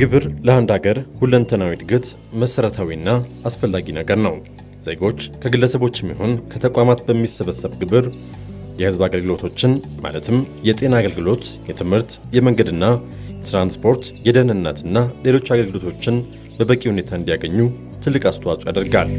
ግብር ለአንድ ሀገር ሁለንተናዊ እድገት መሰረታዊና አስፈላጊ ነገር ነው። ዜጎች ከግለሰቦች የሚሆን ከተቋማት በሚሰበሰብ ግብር የህዝብ አገልግሎቶችን ማለትም የጤና አገልግሎት፣ የትምህርት፣ የመንገድና የትራንስፖርት፣ የደህንነትና ሌሎች አገልግሎቶችን በበቂ ሁኔታ እንዲያገኙ ትልቅ አስተዋጽኦ ያደርጋል።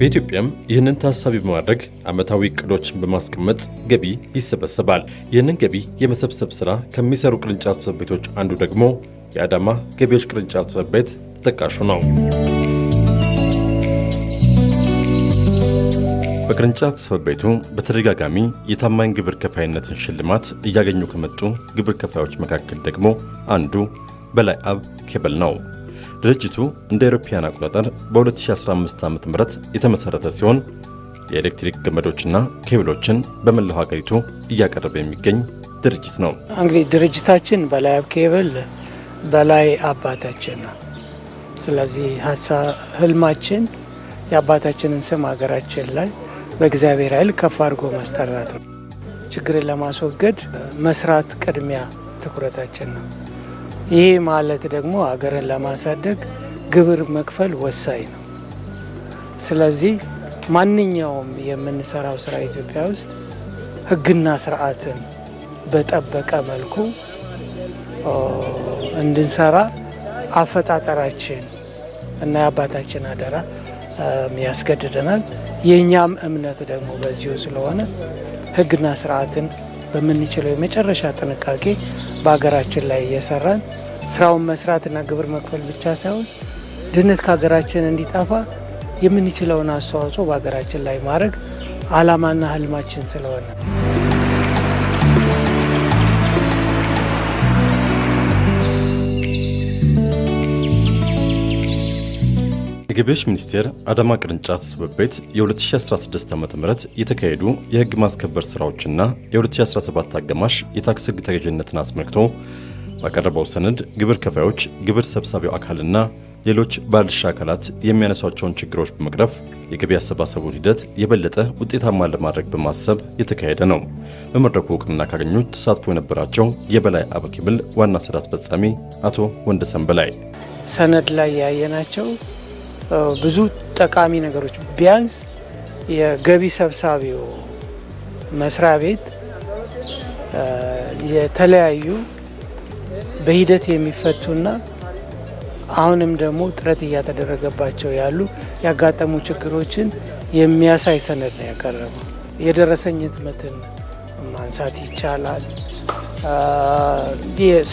በኢትዮጵያም ይህንን ታሳቢ በማድረግ ዓመታዊ እቅዶችን በማስቀመጥ ገቢ ይሰበሰባል። ይህንን ገቢ የመሰብሰብ ስራ ከሚሰሩ ቅርንጫፍ ጽሕፈት ቤቶች አንዱ ደግሞ የአዳማ ገቢዎች ቅርንጫፍ ጽሕፈት ቤት ተጠቃሹ ነው። በቅርንጫፍ ጽሕፈት ቤቱ በተደጋጋሚ የታማኝ ግብር ከፋይነትን ሽልማት እያገኙ ከመጡ ግብር ከፋዮች መካከል ደግሞ አንዱ በላይ አብ ኬብል ነው። ድርጅቱ እንደ አውሮፓውያን አቆጣጠር በ2015 ዓ.ም የተመሠረተ ሲሆን የኤሌክትሪክ ገመዶችና ኬብሎችን በመላው ሀገሪቱ እያቀረበ የሚገኝ ድርጅት ነው። እንግዲህ ድርጅታችን በላይ ኬብል በላይ አባታችን ነው። ስለዚህ ሀሳብ ህልማችን የአባታችንን ስም ሀገራችን ላይ በእግዚአብሔር ኃይል ከፍ አድርጎ ማስጠራት ነው። ችግርን ለማስወገድ መስራት ቅድሚያ ትኩረታችን ነው። ይህ ማለት ደግሞ ሀገርን ለማሳደግ ግብር መክፈል ወሳኝ ነው። ስለዚህ ማንኛውም የምንሰራው ስራ ኢትዮጵያ ውስጥ ሕግና ስርዓትን በጠበቀ መልኩ እንድንሰራ አፈጣጠራችን እና የአባታችን አደራ ያስገድደናል። የእኛም እምነት ደግሞ በዚሁ ስለሆነ ሕግና ስርዓትን በምንችለው የመጨረሻ ጥንቃቄ በሀገራችን ላይ እየሰራን ስራውን መስራትና ግብር መክፈል ብቻ ሳይሆን ድህነት ከሀገራችን እንዲጠፋ የምንችለውን አስተዋጽኦ በሀገራችን ላይ ማድረግ አላማና ህልማችን ስለሆነ የገቢዎች ሚኒስቴር አዳማ ቅርንጫፍ ጽሕፈት ቤት የ2016 ዓ ም የተካሄዱ የሕግ ማስከበር ሥራዎችና የ2017 አጋማሽ የታክስ ሕግ ተገዥነትን አስመልክቶ ባቀረበው ሰነድ ግብር ከፋዮች፣ ግብር ሰብሳቢው አካልና ሌሎች ባለድርሻ አካላት የሚያነሷቸውን ችግሮች በመቅረፍ የገቢ አሰባሰቡን ሂደት የበለጠ ውጤታማ ለማድረግ በማሰብ የተካሄደ ነው። በመድረኩ እውቅና ካገኙት ተሳትፎ የነበራቸው የበላይ አበኪምል ዋና ስራ አስፈጻሚ አቶ ወንደሰን በላይ ሰነድ ላይ ያየናቸው ብዙ ጠቃሚ ነገሮች ቢያንስ የገቢ ሰብሳቢው መስሪያ ቤት የተለያዩ በሂደት የሚፈቱና አሁንም ደግሞ ጥረት እያተደረገባቸው ያሉ ያጋጠሙ ችግሮችን የሚያሳይ ሰነድ ነው ያቀረበው። የደረሰኝ ህትመትን ማንሳት ይቻላል።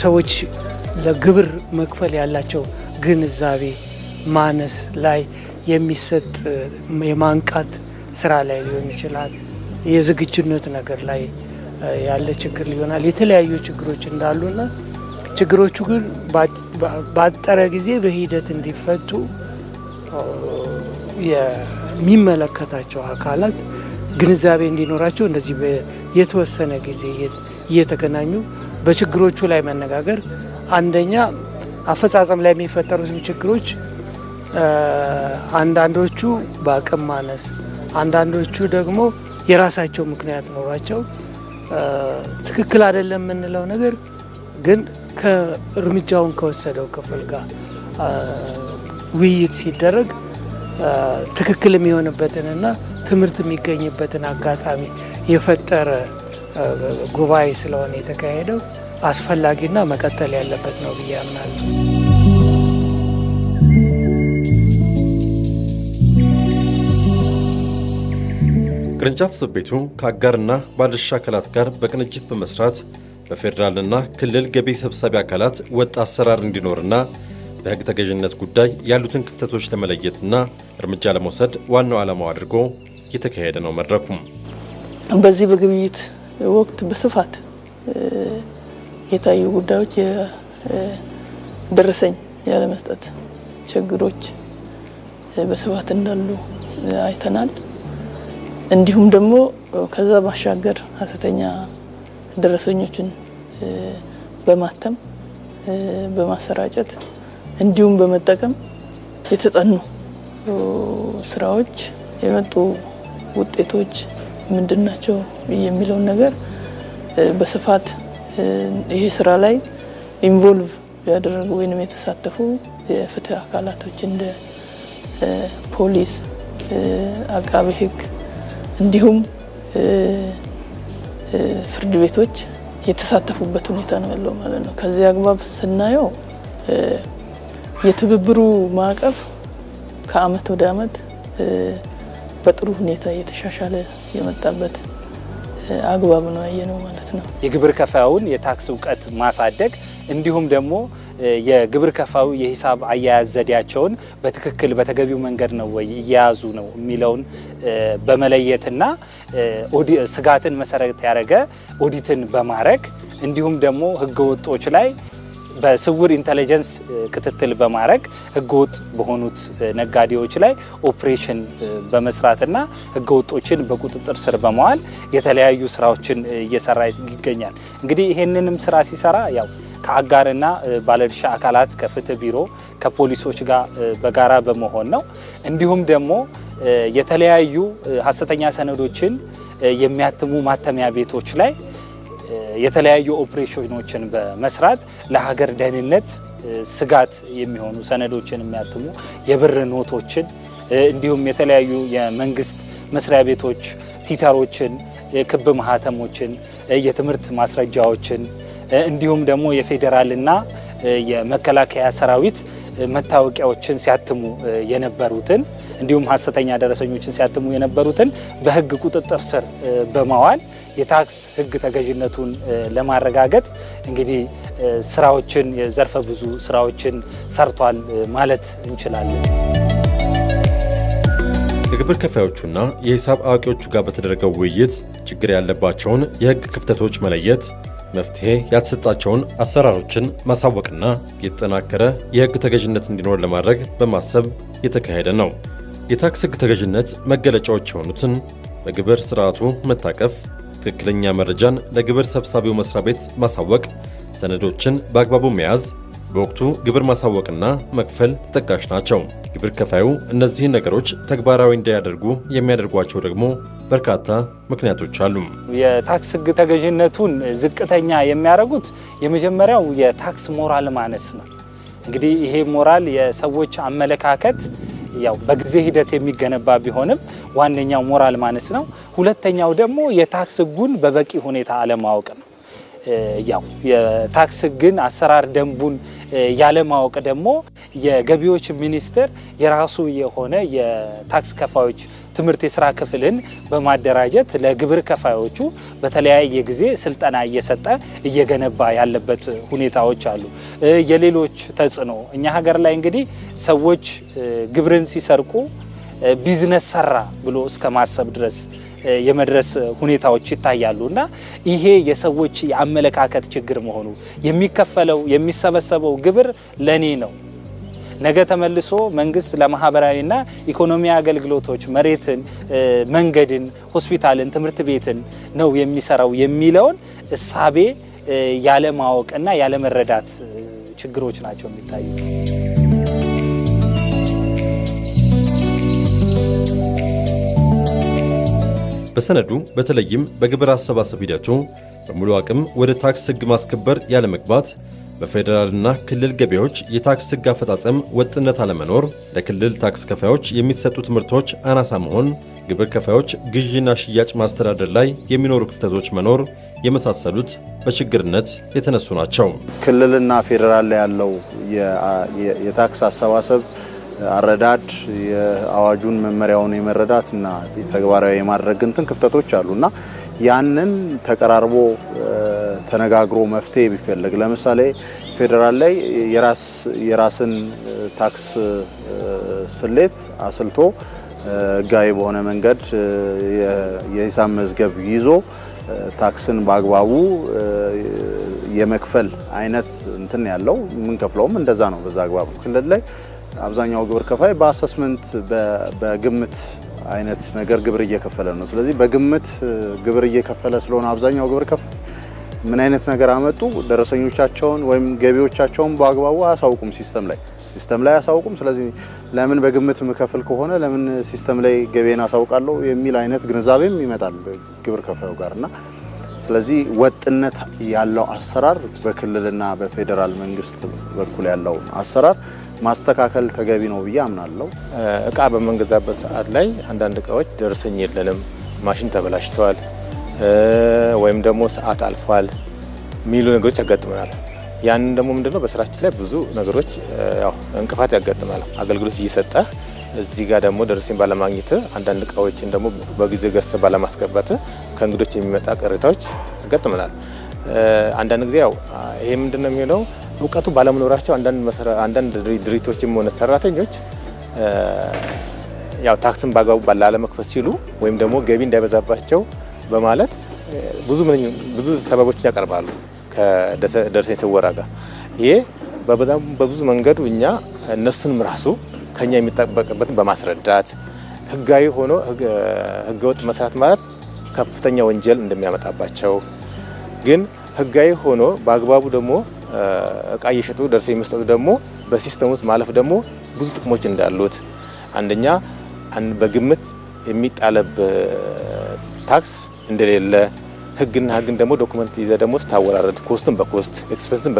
ሰዎች ለግብር መክፈል ያላቸው ግንዛቤ ማነስ ላይ የሚሰጥ የማንቃት ስራ ላይ ሊሆን ይችላል። የዝግጁነት ነገር ላይ ያለ ችግር ሊሆናል። የተለያዩ ችግሮች እንዳሉና ችግሮቹ ግን ባጠረ ጊዜ በሂደት እንዲፈቱ የሚመለከታቸው አካላት ግንዛቤ እንዲኖራቸው እንደዚህ የተወሰነ ጊዜ እየተገናኙ በችግሮቹ ላይ መነጋገር አንደኛ አፈጻጸም ላይ የሚፈጠሩትም ችግሮች አንዳንዶቹ በአቅም ማነስ፣ አንዳንዶቹ ደግሞ የራሳቸው ምክንያት ኖሯቸው ትክክል አይደለም የምንለው ነገር ግን ከእርምጃውን ከወሰደው ክፍል ጋር ውይይት ሲደረግ ትክክል የሚሆንበትንና ትምህርት የሚገኝበትን አጋጣሚ የፈጠረ ጉባኤ ስለሆነ የተካሄደው አስፈላጊና መቀጠል ያለበት ነው ብዬ አምናለሁ። ቅርንጫፍ ጽሕፈት ቤቱ ከአጋርና ባለድርሻ አካላት ጋር በቅንጅት በመስራት በፌዴራልና ክልል ገቢ ሰብሳቢ አካላት ወጥ አሰራር እንዲኖርና በሕግ ተገዥነት ጉዳይ ያሉትን ክፍተቶች ለመለየትና እርምጃ ለመውሰድ ዋናው ዓላማው አድርጎ እየተካሄደ ነው። መድረኩም በዚህ በግብይት ወቅት በስፋት የታዩ ጉዳዮች ደረሰኝ ያለመስጠት ችግሮች በስፋት እንዳሉ አይተናል። እንዲሁም ደግሞ ከዛ ባሻገር ሀሰተኛ ደረሰኞችን በማተም በማሰራጨት እንዲሁም በመጠቀም የተጠኑ ስራዎች የመጡ ውጤቶች ምንድን ናቸው የሚለውን ነገር በስፋት ይሄ ስራ ላይ ኢንቮልቭ ያደረጉ ወይንም የተሳተፉ የፍትህ አካላቶች እንደ ፖሊስ፣ አቃቤ ህግ? እንዲሁም ፍርድ ቤቶች የተሳተፉበት ሁኔታ ነው ያለው ማለት ነው። ከዚህ አግባብ ስናየው የትብብሩ ማዕቀፍ ከአመት ወደ አመት በጥሩ ሁኔታ እየተሻሻለ የመጣበት አግባብ ነው ያየነው ማለት ነው። የግብር ከፋዩን የታክስ እውቀት ማሳደግ እንዲሁም ደግሞ የግብር ከፋው የሂሳብ አያያዝ ዘዴያቸውን በትክክል በተገቢው መንገድ ነው ወይ እየያዙ ነው የሚለውን በመለየትና ስጋትን መሰረት ያደረገ ኦዲትን በማድረግ እንዲሁም ደግሞ ህገወጦች ላይ በስውር ኢንተለጀንስ ክትትል በማድረግ ህገወጥ በሆኑት ነጋዴዎች ላይ ኦፕሬሽን በመስራትና ህገወጦችን በቁጥጥር ስር በመዋል የተለያዩ ስራዎችን እየሰራ ይገኛል። እንግዲህ ይህንንም ስራ ሲሰራ ያው ከአጋርና ባለድርሻ አካላት ከፍትህ ቢሮ ከፖሊሶች ጋር በጋራ በመሆን ነው። እንዲሁም ደግሞ የተለያዩ ሀሰተኛ ሰነዶችን የሚያትሙ ማተሚያ ቤቶች ላይ የተለያዩ ኦፕሬሽኖችን በመስራት ለሀገር ደህንነት ስጋት የሚሆኑ ሰነዶችን የሚያትሙ የብር ኖቶችን እንዲሁም የተለያዩ የመንግስት መስሪያ ቤቶች ቲተሮችን፣ ክብ ማህተሞችን፣ የትምህርት ማስረጃዎችን እንዲሁም ደግሞ የፌዴራልና የመከላከያ ሰራዊት መታወቂያዎችን ሲያትሙ የነበሩትን እንዲሁም ሀሰተኛ ደረሰኞችን ሲያትሙ የነበሩትን በህግ ቁጥጥር ስር በማዋል የታክስ ህግ ተገዥነቱን ለማረጋገጥ እንግዲህ ስራዎችን የዘርፈ ብዙ ስራዎችን ሰርቷል ማለት እንችላለን። የግብር ከፋዮቹና የሂሳብ አዋቂዎቹ ጋር በተደረገው ውይይት ችግር ያለባቸውን የህግ ክፍተቶች መለየት መፍትሄ ያልተሰጣቸውን አሰራሮችን ማሳወቅና የተጠናከረ የህግ ተገዥነት እንዲኖር ለማድረግ በማሰብ የተካሄደ ነው። የታክስ ህግ ተገዥነት መገለጫዎች የሆኑትን በግብር ስርዓቱ መታቀፍ፣ ትክክለኛ መረጃን ለግብር ሰብሳቢው መስሪያ ቤት ማሳወቅ፣ ሰነዶችን በአግባቡ መያዝ በወቅቱ ግብር ማሳወቅና መክፈል ተጠቃሽ ናቸው። ግብር ከፋዩ እነዚህን ነገሮች ተግባራዊ እንዳያደርጉ የሚያደርጓቸው ደግሞ በርካታ ምክንያቶች አሉ። የታክስ ሕግ ተገዥነቱን ዝቅተኛ የሚያደርጉት የመጀመሪያው የታክስ ሞራል ማነስ ነው። እንግዲህ ይሄ ሞራል የሰዎች አመለካከት ያው በጊዜ ሂደት የሚገነባ ቢሆንም ዋነኛው ሞራል ማነስ ነው። ሁለተኛው ደግሞ የታክስ ሕጉን በበቂ ሁኔታ አለማወቅ ነው። ያው የታክስ ሕግን አሰራር ደንቡን ያለማወቅ ደግሞ የገቢዎች ሚኒስቴር የራሱ የሆነ የታክስ ከፋዮች ትምህርት የስራ ክፍልን በማደራጀት ለግብር ከፋዮቹ በተለያየ ጊዜ ስልጠና እየሰጠ እየገነባ ያለበት ሁኔታዎች አሉ። የሌሎች ተጽዕኖ እኛ ሀገር ላይ እንግዲህ ሰዎች ግብርን ሲሰርቁ ቢዝነስ ሰራ ብሎ እስከ ማሰብ ድረስ የመድረስ ሁኔታዎች ይታያሉ እና ይሄ የሰዎች የአመለካከት ችግር መሆኑ የሚከፈለው የሚሰበሰበው ግብር ለኔ ነው ነገ ተመልሶ መንግስት ለማህበራዊና ኢኮኖሚ አገልግሎቶች መሬትን፣ መንገድን፣ ሆስፒታልን፣ ትምህርት ቤትን ነው የሚሰራው የሚለውን እሳቤ ያለማወቅና ያለመረዳት ችግሮች ናቸው የሚታዩት። በሰነዱ በተለይም በግብር አሰባሰብ ሂደቱ በሙሉ አቅም ወደ ታክስ ሕግ ማስከበር ያለመግባት፣ በፌዴራልና ክልል ገቢዎች የታክስ ሕግ አፈጻጸም ወጥነት አለመኖር፣ ለክልል ታክስ ከፋዮች የሚሰጡ ትምህርቶች አናሳ መሆን፣ ግብር ከፋዮች ግዢና ሽያጭ ማስተዳደር ላይ የሚኖሩ ክፍተቶች መኖር የመሳሰሉት በችግርነት የተነሱ ናቸው። ክልልና ፌዴራል ላይ ያለው የታክስ አሰባሰብ አረዳድ የአዋጁን መመሪያውን የመረዳትና ተግባራዊ የማድረግ እንትን ክፍተቶች እና ያንን ተቀራርቦ ተነጋግሮ መፍትሄ ቢፈለግ ለምሳሌ ፌዴራል ላይ የራስን ታክስ ስሌት አስልቶ ህጋዊ በሆነ መንገድ የሂሳብ መዝገብ ይዞ ታክስን በአግባቡ የመክፈል አይነት እንትን ያለው የምንከፍለውም እንደዛ ነው። በዛ አግባብ ክልል ላይ አብዛኛው ግብር ከፋይ በአሰስመንት በግምት አይነት ነገር ግብር እየከፈለ ነው። ስለዚህ በግምት ግብር እየከፈለ ስለሆነ አብዛኛው ግብር ከፋይ ምን አይነት ነገር አመጡ ደረሰኞቻቸውን ወይም ገቢዎቻቸውን በአግባቡ አያሳውቁም፣ ሲስተም ላይ ሲስተም ላይ አያሳውቁም። ስለዚህ ለምን በግምት ምከፍል ከሆነ ለምን ሲስተም ላይ ገቢን አሳውቃለሁ የሚል አይነት ግንዛቤም ይመጣል ግብር ከፋዩ ጋር እና ስለዚህ ወጥነት ያለው አሰራር በክልልና በፌዴራል መንግስት በኩል ያለው አሰራር ማስተካከል ተገቢ ነው ብዬ አምናለሁ። እቃ በምንገዛበት ሰዓት ላይ አንዳንድ እቃዎች ደረሰኝ የለንም፣ ማሽን ተበላሽተዋል፣ ወይም ደግሞ ሰዓት አልፏል የሚሉ ነገሮች ያጋጥመናል። ያንን ደግሞ ምንድነው በስራችን ላይ ብዙ ነገሮች ያው እንቅፋት ያጋጥማል። አገልግሎት እየሰጠ እዚህ ጋር ደግሞ ደረሰኝ ባለማግኘት አንዳንድ እቃዎችን ደግሞ በጊዜ ገዝተ ባለማስገባት ከእንግዶች የሚመጣ ቅሬታዎች ያጋጥመናል። አንዳንድ ጊዜ ያው ይሄ ምንድነው የሚሆነው እውቀቱ ባለመኖራቸው አንዳንድ ድርጅቶችም ሆነ ሰራተኞች ያው ታክስን በአግባቡ ላለመክፈል ሲሉ ወይም ደግሞ ገቢ እንዳይበዛባቸው በማለት ብዙ ብዙ ሰበቦችን ያቀርባሉ ከደረሰኝ ስወራ ጋር። ይሄ በብዙ መንገዱ እኛ እነሱንም ራሱ ከኛ የሚጠበቅበትን በማስረዳት ህጋዊ ሆኖ ህገወጥ መስራት ማለት ከፍተኛ ወንጀል እንደሚያመጣባቸው ግን ህጋዊ ሆኖ በአግባቡ ደግሞ እቃ እየሸጡ ደርሰ የመስጠቱ ደግሞ በሲስተም ውስጥ ማለፍ ደግሞ ብዙ ጥቅሞች እንዳሉት አንደኛ በግምት የሚጣለብ ታክስ እንደሌለ ህግና ህግን ደግሞ ዶክመንት ይዘ ደግሞ ስታወራረድ ኮስትን በኮስት ኤክስፔንስን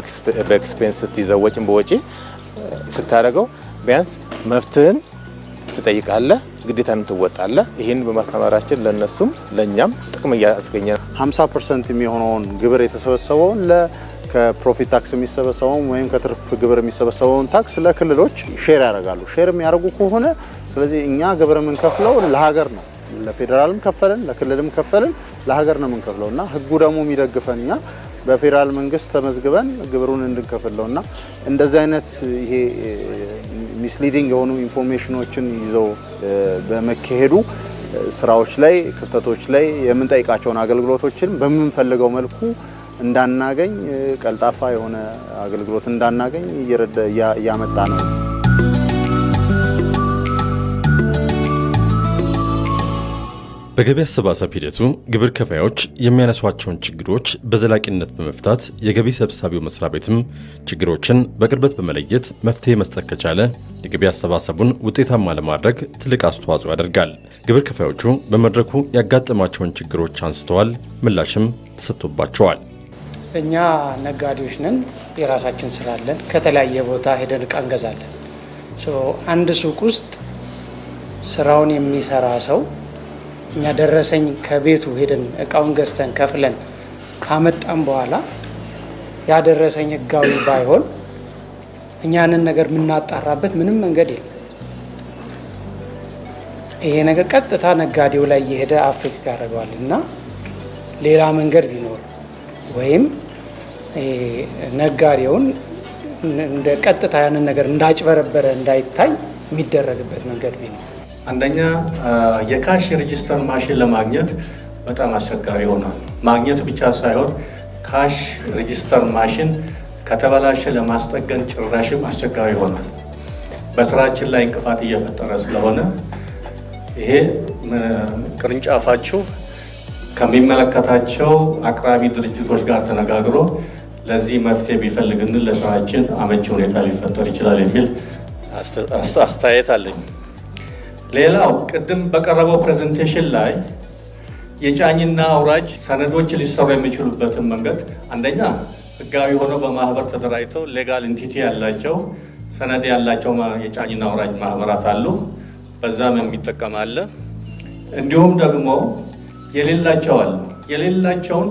በኤክስፔንስ ስትይዘው ወጪን በወጪ ስታደርገው ቢያንስ መብትህን ትጠይቃለህ፣ ግዴታንም ትወጣለህ። ይህን በማስተማራችን ለእነሱም ለእኛም ጥቅም እያስገኘ 50 ፐርሰንት የሚሆነውን ግብር የተሰበሰበውን ከፕሮፊት ታክስ የሚሰበሰበውን ወይም ከትርፍ ግብር የሚሰበሰበውን ታክስ ለክልሎች ሼር ያደርጋሉ። ሼር የሚያደርጉ ከሆነ ስለዚህ እኛ ግብር የምንከፍለው ለሀገር ነው። ለፌዴራልም ከፈልን፣ ለክልልም ከፈልን፣ ለሀገር ነው የምንከፍለው እና ህጉ ደግሞ የሚደግፈን እኛ በፌዴራል መንግስት ተመዝግበን ግብሩን እንድንከፍለው እና እንደዚህ አይነት ይሄ ሚስሊዲንግ የሆኑ ኢንፎርሜሽኖችን ይዘው በመካሄዱ ስራዎች ላይ ክፍተቶች ላይ የምንጠይቃቸውን አገልግሎቶችን በምንፈልገው መልኩ እንዳናገኝ ቀልጣፋ የሆነ አገልግሎት እንዳናገኝ እያመጣ ነው። በገቢ አሰባሰብ ሂደቱ ግብር ከፋዮች የሚያነሷቸውን ችግሮች በዘላቂነት በመፍታት የገቢ ሰብሳቢው መስሪያ ቤትም ችግሮችን በቅርበት በመለየት መፍትሄ መስጠት ከቻለ የገቢ አሰባሰቡን ውጤታማ ለማድረግ ትልቅ አስተዋጽኦ ያደርጋል። ግብር ከፋዮቹ በመድረኩ ያጋጠማቸውን ችግሮች አንስተዋል፣ ምላሽም ተሰጥቶባቸዋል። እኛ ነጋዴዎች ነን። የራሳችን ስራ አለን። ከተለያየ ቦታ ሄደን እቃ እንገዛለን። አንድ ሱቅ ውስጥ ስራውን የሚሰራ ሰው እኛ ደረሰኝ ከቤቱ ሄደን እቃውን ገዝተን ከፍለን ካመጣም በኋላ ያደረሰኝ ህጋዊ ባይሆን እኛንን ነገር የምናጣራበት ምንም መንገድ የለም። ይሄ ነገር ቀጥታ ነጋዴው ላይ እየሄደ አፌክት ያደርገዋል እና ሌላ መንገድ ቢኖር ወይም ነጋዴውን እንደ ቀጥታ ያንን ነገር እንዳጭበረበረ እንዳይታይ የሚደረግበት መንገድ ነው። አንደኛ የካሽ ሬጅስተር ማሽን ለማግኘት በጣም አስቸጋሪ ይሆናል። ማግኘት ብቻ ሳይሆን ካሽ ሬጅስተር ማሽን ከተበላሸ ለማስጠገን ጭራሽም አስቸጋሪ ይሆናል። በስራችን ላይ እንቅፋት እየፈጠረ ስለሆነ ይሄ ቅርንጫፋችሁ ከሚመለከታቸው አቅራቢ ድርጅቶች ጋር ተነጋግሮ ለዚህ መፍትሄ ቢፈልግን ለስራችን አመቺ ሁኔታ ሊፈጠር ይችላል የሚል አስተያየት አለኝ። ሌላው ቅድም በቀረበው ፕሬዘንቴሽን ላይ የጫኝና አውራጅ ሰነዶች ሊሰሩ የሚችሉበትን መንገድ አንደኛ ህጋዊ ሆነው በማህበር ተደራጅተው ሌጋል ኢንቲቲ ያላቸው ሰነድ ያላቸው የጫኝና አውራጅ ማህበራት አሉ። በዛም የሚጠቀም አለ። እንዲሁም ደግሞ የሌላቸው አለ። የሌላቸውን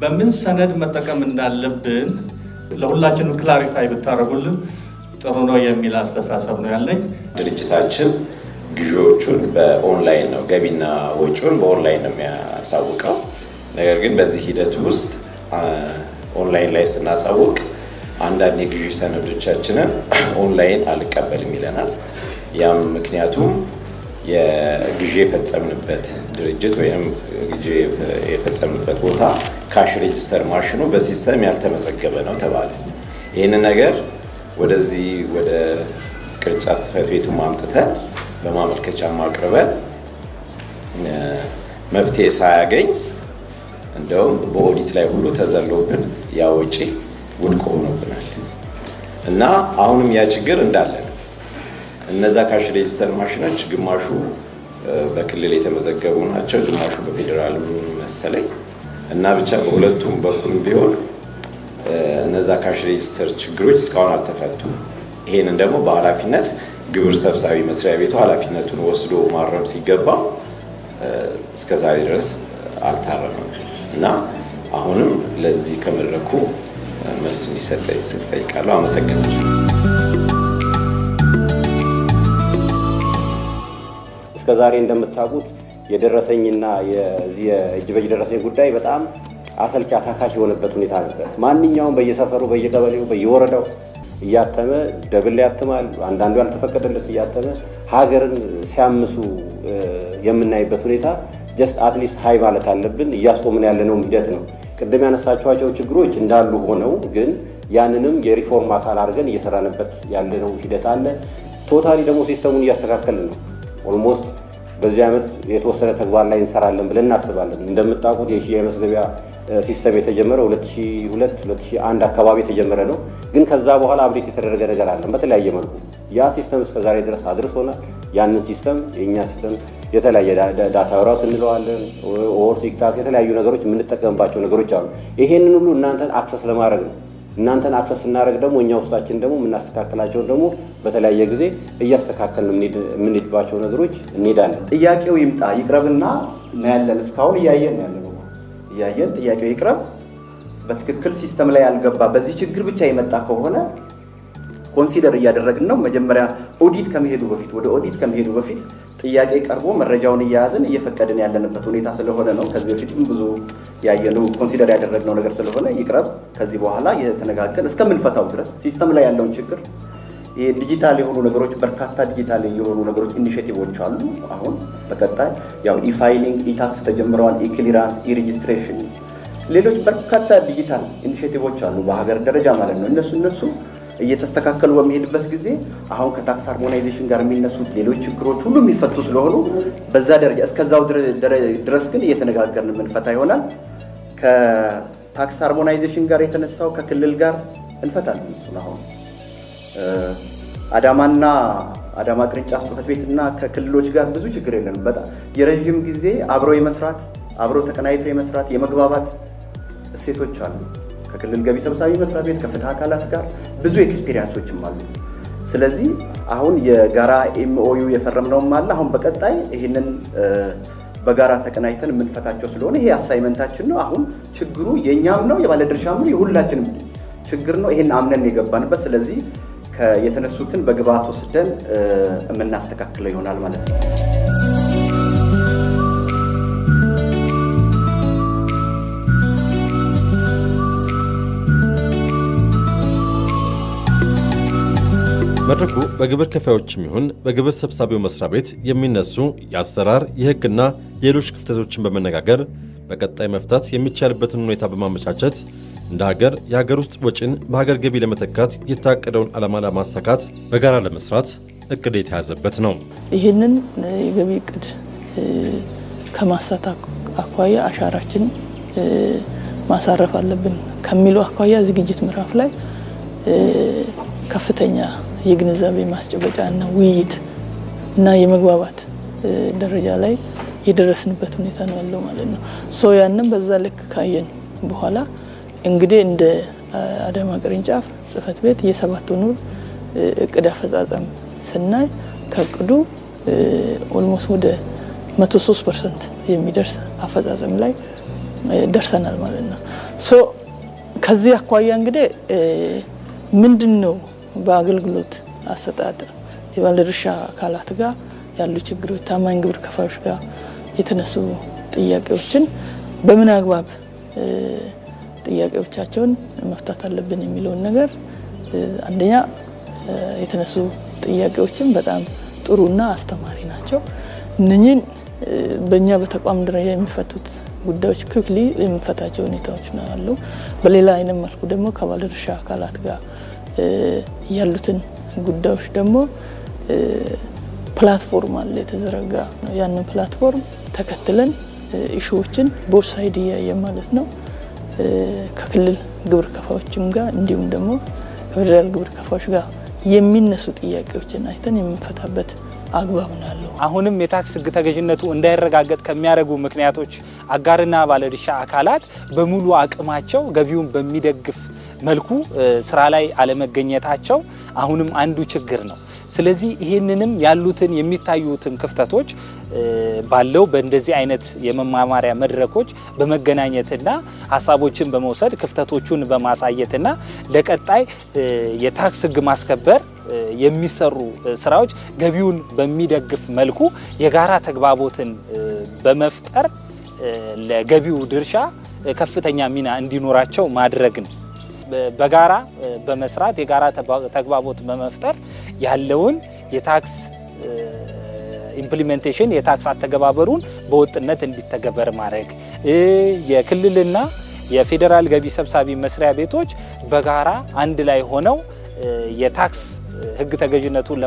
በምን ሰነድ መጠቀም እንዳለብን ለሁላችንም ክላሪፋይ ብታደረጉልን ጥሩ ነው የሚል አስተሳሰብ ነው ያለኝ። ድርጅታችን ግዢዎቹን በኦንላይን ነው፣ ገቢና ወጪውን በኦንላይን ነው የሚያሳውቀው። ነገር ግን በዚህ ሂደት ውስጥ ኦንላይን ላይ ስናሳውቅ አንዳንድ የግዢ ሰነዶቻችንን ኦንላይን አልቀበልም ይለናል። ያም ምክንያቱም የግዢ የፈጸምንበት ድርጅት ወይም ግዢ የፈጸምንበት ቦታ ካሽ ሬጅስተር ማሽኑ በሲስተም ያልተመዘገበ ነው ተባለ። ይህንን ነገር ወደዚህ ወደ ቅርንጫፍ ጽፈት ቤቱ ማምጥተን በማመልከቻ ማቅርበን መፍትሄ ሳያገኝ እንደውም በኦዲት ላይ ሁሉ ተዘሎብን ያ ወጪ ውድቅ ሆኖብናል እና አሁንም ያ ችግር እንዳለ ነው። እነዛ ካሽ ሬጅስተር ማሽኖች ግማሹ በክልል የተመዘገቡ ናቸው፣ ግማሹ በፌዴራሉ መሰለኝ እና ብቻ በሁለቱም በኩል ቢሆን እነዛ ካሽ ሬጅስተር ችግሮች እስካሁን አልተፈቱም። ይሄንን ደግሞ በኃላፊነት ግብር ሰብሳቢ መስሪያ ቤቱ ኃላፊነቱን ወስዶ ማረም ሲገባ እስከ ዛሬ ድረስ አልታረመም እና አሁንም ለዚህ ከመድረኩ መልስ እንዲሰጠኝ ስል ጠይቃለሁ። አመሰግናለሁ። እስከ ዛሬ እንደምታውቁት የደረሰኝና የዚህ የእጅ በእጅ ደረሰኝ ጉዳይ በጣም አሰልቻ ታካሽ የሆነበት ሁኔታ ነበር። ማንኛውም በየሰፈሩ፣ በየቀበሌው፣ በየወረዳው እያተመ ደብል ያትማል። አንዳንዱ ያልተፈቀደለት እያተመ ሀገርን ሲያምሱ የምናይበት ሁኔታ ጀስት አትሊስት ሀይ ማለት አለብን። እያስቆምን ያለነውም ሂደት ነው። ቅድም ያነሳችኋቸው ችግሮች እንዳሉ ሆነው ግን ያንንም የሪፎርም አካል አድርገን እየሰራንበት ያለነው ሂደት አለ። ቶታሊ ደግሞ ሲስተሙን እያስተካከልን ነው ኦልሞስት በዚህ ዓመት የተወሰነ ተግባር ላይ እንሰራለን ብለን እናስባለን። እንደምታውቁት የሽያጭ መስገቢያ ሲስተም የተጀመረ 2002 2001 አካባቢ የተጀመረ ነው። ግን ከዛ በኋላ አብዴት የተደረገ ነገር አለን በተለያየ መልኩ ያ ሲስተም እስከዛሬ ድረስ አድርሶናል። ያንን ሲስተም የእኛ ሲስተም የተለያየ ዳታ ራስ እንለዋለን ኦር ቲክታክ የተለያዩ ነገሮች የምንጠቀምባቸው ነገሮች አሉ። ይሄንን ሁሉ እናንተን አክሰስ ለማድረግ ነው እናንተን አክሰስ ስናደርግ ደግሞ እኛ ውስጣችን ደግሞ የምናስተካከላቸውን ደግሞ በተለያየ ጊዜ እያስተካከል የምንሄድባቸው ነገሮች እንሄዳለን። ጥያቄው ይምጣ ይቅረብና ነው ያለን። እስካሁን እያየን ያለ እያየን ጥያቄው ይቅረብ። በትክክል ሲስተም ላይ ያልገባ በዚህ ችግር ብቻ የመጣ ከሆነ ኮንሲደር እያደረግን ነው። መጀመሪያ ኦዲት ከመሄዱ በፊት ወደ ኦዲት ከመሄዱ በፊት ጥያቄ ቀርቦ መረጃውን እያያዝን እየፈቀድን ያለንበት ሁኔታ ስለሆነ ነው። ከዚህ በፊትም ብዙ ያየነው ኮንሲደር ያደረግነው ነገር ስለሆነ ይቅረብ። ከዚህ በኋላ የተነጋገን እስከምንፈታው ድረስ ሲስተም ላይ ያለውን ችግር ዲጂታል የሆኑ ነገሮች በርካታ ዲጂታል የሆኑ ነገሮች ኢኒሽቲቮች አሉ። አሁን በቀጣይ ያው ኢፋይሊንግ፣ ኢታክስ ተጀምረዋል፣ ኢክሊራንስ፣ ኢሬጂስትሬሽን፣ ሌሎች በርካታ ዲጂታል ኢኒሽቲቮች አሉ በሀገር ደረጃ ማለት ነው እነሱ እነሱ እየተስተካከሉ በሚሄድበት ጊዜ አሁን ከታክስ ሃርሞናይዜሽን ጋር የሚነሱት ሌሎች ችግሮች ሁሉ የሚፈቱ ስለሆኑ በዛ ደረጃ እስከዛው ድረስ ግን እየተነጋገርን የምንፈታ ይሆናል። ከታክስ ሃርሞናይዜሽን ጋር የተነሳው ከክልል ጋር እንፈታለን። እሱን አሁን አዳማና አዳማ ቅርንጫፍ ጽሕፈት ቤትና ከክልሎች ጋር ብዙ ችግር የለን። በጣም የረዥም ጊዜ አብሮ የመስራት አብሮ ተቀናይቶ የመስራት የመግባባት እሴቶች አሉ። ከክልል ገቢ ሰብሳቢ መስሪያ ቤት ከፍትህ አካላት ጋር ብዙ ኤክስፒሪያንሶችም አሉ። ስለዚህ አሁን የጋራ ኤምኦዩ የፈረምነውም አለ። አሁን በቀጣይ ይህንን በጋራ ተቀናጅተን የምንፈታቸው ስለሆነ ይሄ አሳይመንታችን ነው። አሁን ችግሩ የእኛም ነው፣ የባለድርሻም ነው፣ የሁላችንም ችግር ነው። ይህን አምነን የገባንበት ስለዚህ የተነሱትን በግብአት ወስደን የምናስተካክለው ይሆናል ማለት ነው። መድረኩ በግብር ከፋዮችም ይሁን በግብር ሰብሳቢው መስሪያ ቤት የሚነሱ የአሰራር የሕግና የሌሎች ክፍተቶችን በመነጋገር በቀጣይ መፍታት የሚቻልበትን ሁኔታ በማመቻቸት እንደ ሀገር የሀገር ውስጥ ወጪን በሀገር ገቢ ለመተካት የታቀደውን ዓላማ ለማሳካት በጋራ ለመስራት እቅድ የተያዘበት ነው። ይህንን የገቢ እቅድ ከማሳት አኳያ አሻራችን ማሳረፍ አለብን ከሚሉ አኳያ ዝግጅት ምዕራፍ ላይ ከፍተኛ የግንዛቤ ማስጨበጫ እና ውይይት እና የመግባባት ደረጃ ላይ የደረስንበት ሁኔታ ነው ያለው ማለት ነው። ሶ ያንን በዛ ልክ ካየን በኋላ እንግዲህ እንደ አዳማ ቅርንጫፍ ጽህፈት ቤት የሰባት ኑር እቅድ አፈጻጸም ስናይ ከእቅዱ ኦልሞስት ወደ 103 ፐርሰንት የሚደርስ አፈጻጸም ላይ ደርሰናል ማለት ነው። ሶ ከዚህ አኳያ እንግዲህ ምንድን ነው በአገልግሎት አሰጣጥ የባለድርሻ አካላት ጋር ያሉ ችግሮች፣ ታማኝ ግብር ከፋዮች ጋር የተነሱ ጥያቄዎችን በምን አግባብ ጥያቄዎቻቸውን መፍታት አለብን የሚለውን ነገር አንደኛ የተነሱ ጥያቄዎችን በጣም ጥሩና አስተማሪ ናቸው። እነኚህን በእኛ በተቋም ደረጃ የሚፈቱት ጉዳዮች ክክሊ የምንፈታቸው ሁኔታዎች ነው ያለው። በሌላ አይነት መልኩ ደግሞ ከባለድርሻ አካላት ጋር ያሉትን ጉዳዮች ደግሞ ፕላትፎርም አለ የተዘረጋ ያንን ፕላትፎርም ተከትለን ኢሹዎችን ቦት ሳይድ እያየ ማለት ነው ከክልል ግብር ከፋዎችም ጋር እንዲሁም ደግሞ ከፌደራል ግብር ከፋዎች ጋር የሚነሱ ጥያቄዎችን አይተን የምንፈታበት አግባብ ነው ያለው። አሁንም የታክስ ሕግ ተገዥነቱ እንዳይረጋገጥ ከሚያደርጉ ምክንያቶች አጋርና ባለድርሻ አካላት በሙሉ አቅማቸው ገቢውን በሚደግፍ መልኩ ስራ ላይ አለመገኘታቸው አሁንም አንዱ ችግር ነው። ስለዚህ ይህንንም ያሉትን የሚታዩትን ክፍተቶች ባለው በእንደዚህ አይነት የመማማሪያ መድረኮች በመገናኘትና ሀሳቦችን በመውሰድ ክፍተቶቹን በማሳየትና ለቀጣይ የታክስ ህግ ማስከበር የሚሰሩ ስራዎች ገቢውን በሚደግፍ መልኩ የጋራ ተግባቦትን በመፍጠር ለገቢው ድርሻ ከፍተኛ ሚና እንዲኖራቸው ማድረግ ነው። በጋራ በመስራት የጋራ ተግባቦት በመፍጠር ያለውን የታክስ ኢምፕሊሜንቴሽን የታክስ አተገባበሩን በወጥነት እንዲተገበር ማድረግ የክልልና የፌዴራል ገቢ ሰብሳቢ መስሪያ ቤቶች በጋራ አንድ ላይ ሆነው የታክስ ሕግ ተገዥነቱን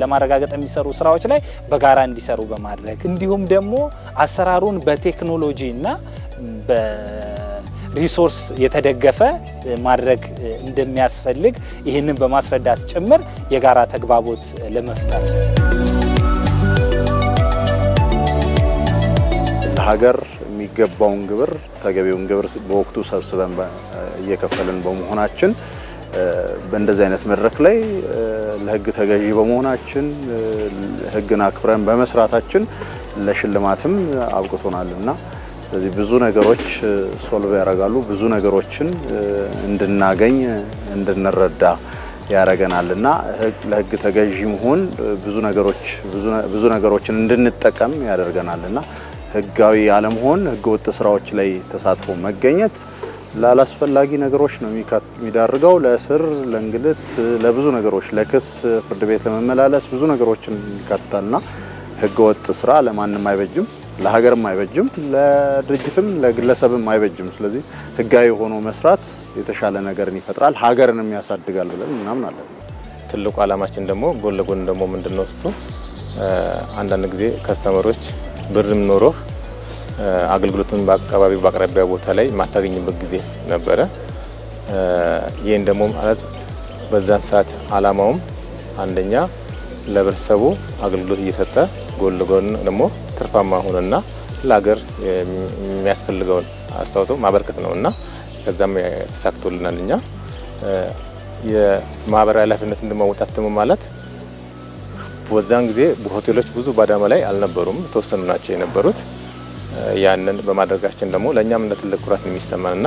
ለማረጋገጥ የሚሰሩ ስራዎች ላይ በጋራ እንዲሰሩ በማድረግ እንዲሁም ደግሞ አሰራሩን በቴክኖሎጂ እና ሪሶርስ የተደገፈ ማድረግ እንደሚያስፈልግ ይህንን በማስረዳት ጭምር የጋራ ተግባቦት ለመፍጠር ሀገር የሚገባውን ግብር ተገቢውን ግብር በወቅቱ ሰብስበን እየከፈልን በመሆናችን በእንደዚህ አይነት መድረክ ላይ ለሕግ ተገዢ በመሆናችን ሕግን አክብረን በመስራታችን ለሽልማትም አብቅቶናል እና ስለዚህ ብዙ ነገሮች ሶልቭ ያደርጋሉ። ብዙ ነገሮችን እንድናገኝ እንድንረዳ ያደርገናል እና ለህግ ተገዥ መሆን ብዙ ነገሮች ብዙ ነገሮችን እንድንጠቀም ያደርገናል እና ህጋዊ አለመሆን፣ ህገወጥ ስራዎች ላይ ተሳትፎ መገኘት ላላስፈላጊ ነገሮች ነው የሚዳርገው፣ ለእስር፣ ለእንግልት፣ ለብዙ ነገሮች፣ ለክስ፣ ፍርድ ቤት ለመመላለስ ብዙ ነገሮችን ይካትታልና ህገወጥ ስራ ለማንም አይበጅም። ለሀገርም አይበጅም፣ ለድርጅትም ለግለሰብም አይበጅም። ስለዚህ ህጋዊ ሆኖ መስራት የተሻለ ነገርን ይፈጥራል፣ ሀገርንም ያሳድጋል ብለን እናምናለን። ትልቁ አላማችን ደግሞ ጎን ለጎን ደግሞ ምንድን ነው እሱ አንዳንድ ጊዜ ከስተመሮች ብርም ኖሮህ አገልግሎቱን በአካባቢ በአቅራቢያ ቦታ ላይ ማታገኝበት ጊዜ ነበረ። ይህን ደግሞ ማለት በዛን ሰዓት አላማውም አንደኛ ለህብረተሰቡ አገልግሎት እየሰጠ ጎን ለጎን ደግሞ ትርፋማ ሆነና ለሀገር የሚያስፈልገውን አስተዋጽኦ ማበርከት ነው እና ከዛም ተሳክቶልናል። እኛ የማህበራዊ ኃላፊነት መወጣት ማለት በዛን ጊዜ ሆቴሎች ብዙ ባዳማ ላይ አልነበሩም፣ የተወሰኑ ናቸው የነበሩት። ያንን በማድረጋችን ደግሞ ለእኛም እንደ ትልቅ ኩራት የሚሰማንና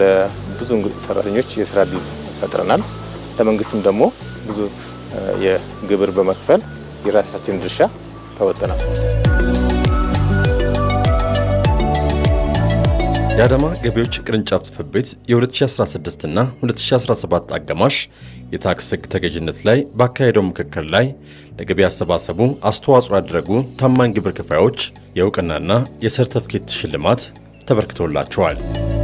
ለብዙ ሰራተኞች የስራ እድል ፈጥረናል። ለመንግስትም ደግሞ ብዙ የግብር በመክፈል የራሳችን ድርሻ ተወጥናል። የአዳማ ገቢዎች ቅርንጫፍ ጽሕፈት ቤት የ2016 እና 2017 አጋማሽ የታክስ ህግ ተገዥነት ላይ በአካሄደው ምክክር ላይ ለገቢ አሰባሰቡ አስተዋጽኦ ያደረጉ ታማኝ ግብር ክፋዮች የእውቅናና የሰርተፍኬት ሽልማት ተበርክቶላቸዋል።